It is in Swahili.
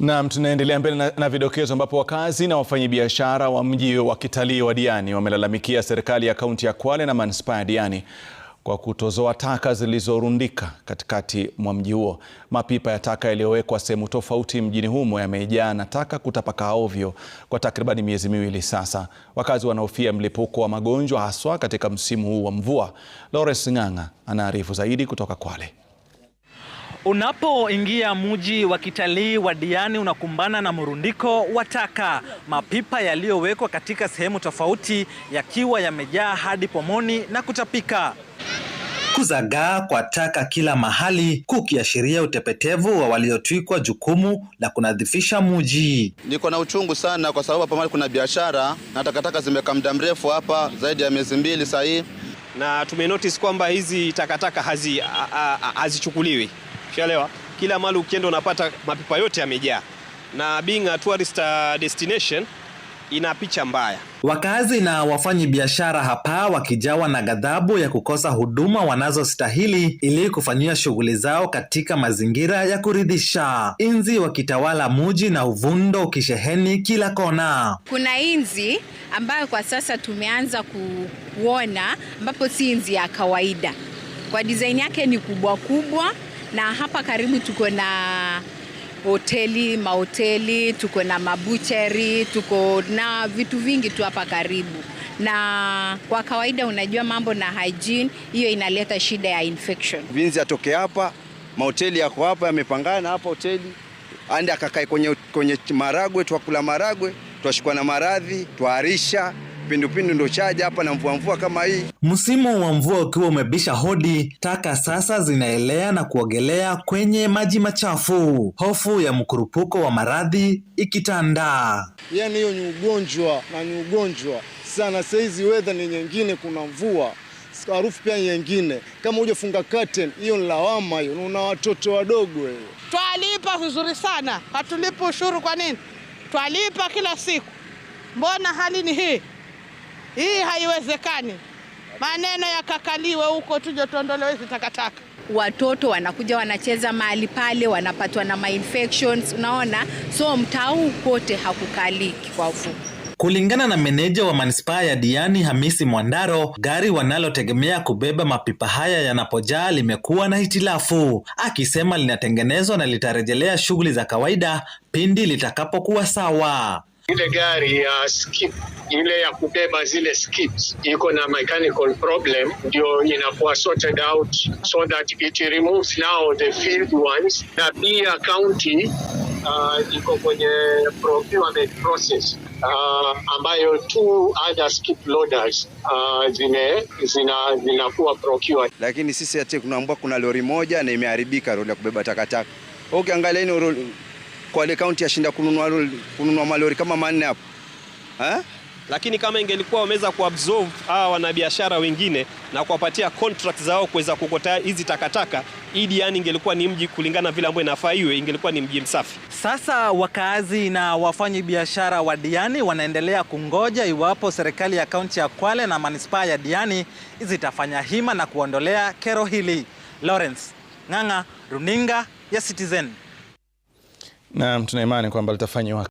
Naam, tunaendelea mbele na, na vidokezo ambapo wakazi na wafanyabiashara wa mji wa kitalii wa Diani wamelalamikia serikali ya kaunti ya Kwale na manispaa ya Diani kwa kutozoa taka zilizorundika katikati mwa mji huo. Mapipa ya taka yaliyowekwa sehemu tofauti mjini humo yamejaa na taka kutapakaa ovyo kwa takribani miezi miwili sasa. Wakazi wanahofia mlipuko wa magonjwa haswa katika msimu huu wa mvua. Lawrence Ng'ang'a anaarifu zaidi kutoka Kwale. Unapoingia mji wa kitalii wa Diani unakumbana na mrundiko wa taka, mapipa yaliyowekwa katika sehemu tofauti yakiwa yamejaa hadi pomoni na kutapika. Kuzagaa kwa taka kila mahali kukiashiria utepetevu wa waliotwikwa jukumu la kunadhifisha mji. Niko na uchungu sana kwa sababu hapa mahali kuna biashara na takataka zimekaa muda mrefu hapa, zaidi ya miezi mbili sahii, na tumenotice kwamba hizi takataka hazichukuliwi hazi Ushaelewa? Kila mahali ukienda unapata mapipa yote yamejaa, na being a tourist uh, destination ina picha mbaya. Wakazi na wafanyi biashara hapa wakijawa na ghadhabu ya kukosa huduma wanazostahili ili kufanyia shughuli zao katika mazingira ya kuridhisha, inzi wakitawala muji na uvundo ukisheheni kila kona. Kuna inzi ambayo kwa sasa tumeanza kuona, ambapo si inzi ya kawaida, kwa design yake ni kubwa kubwa na hapa karibu tuko na hoteli, mahoteli, tuko na mabucheri, tuko na vitu vingi tu hapa karibu. Na kwa kawaida, unajua mambo na hygiene, hiyo inaleta shida ya infection. Vinzi atoke hapa, mahoteli yako hapa yamepangana hapa hoteli, ande akakae kwenye, kwenye maragwe, twakula maragwe, twashikwa na maradhi, twaarisha kipindupindu ndo chaja hapa na mvua mvua kama hii. Msimu wa mvua ukiwa umebisha hodi, taka sasa zinaelea na kuogelea kwenye maji machafu, hofu ya mkurupuko wa maradhi ikitanda. Yani hiyo ni ugonjwa na ni ugonjwa sana. Saizi wedha ni nyingine, kuna mvua harufu pia nyingine, kama hujafunga curtain, hiyo ni lawama hiyo, una watoto wadogo. Hiyo twalipa vizuri sana, hatulipi ushuru. Kwa nini twalipa kila siku? Mbona hali ni hii? Hii haiwezekani, maneno yakakaliwe huko, tuje tuondolewe hizi takataka. Watoto wanakuja wanacheza mahali pale, wanapatwa na ma-infections, unaona. So mtaa huu kote hakukaliki kwa ufupi. Kulingana na meneja wa manispaa ya Diani Hamisi Mwandaro, gari wanalotegemea kubeba mapipa haya yanapojaa limekuwa na hitilafu, akisema linatengenezwa na litarejelea shughuli za kawaida pindi litakapokuwa sawa ile gari ya skip ile ya kubeba zile skips iko na mechanical problem, ndio inakuwa sorted out so that it removes now the field ones. Na pia county uh, iko kwenye procurement process uh, ambayo two other skip loaders uh, zime zina zinakuwa procured, lakini sisi ati kunaambua kuna lori moja na imeharibika, lori ya kubeba takataka. Ukiangalia okay, ni kwa ile kaunti yashinda kununua kununua malori kama manne hapo eh? Lakini kama ingelikuwa wameweza kuabsorb hawa wanabiashara wengine na kuwapatia contract zao kuweza kukota hizi takataka Idi, yani ingelikuwa ni mji kulingana vile ambavyo inafaa iwe, ingelikuwa ni mji msafi. Sasa wakaazi na wafanyi biashara wa Diani wanaendelea kungoja iwapo serikali ya kaunti ya Kwale na manispaa ya Diani zitafanya hima na kuondolea kero hili. Lawrence Ng'ang'a, Runinga ya Citizen. Naam, tuna imani kwamba litafanywa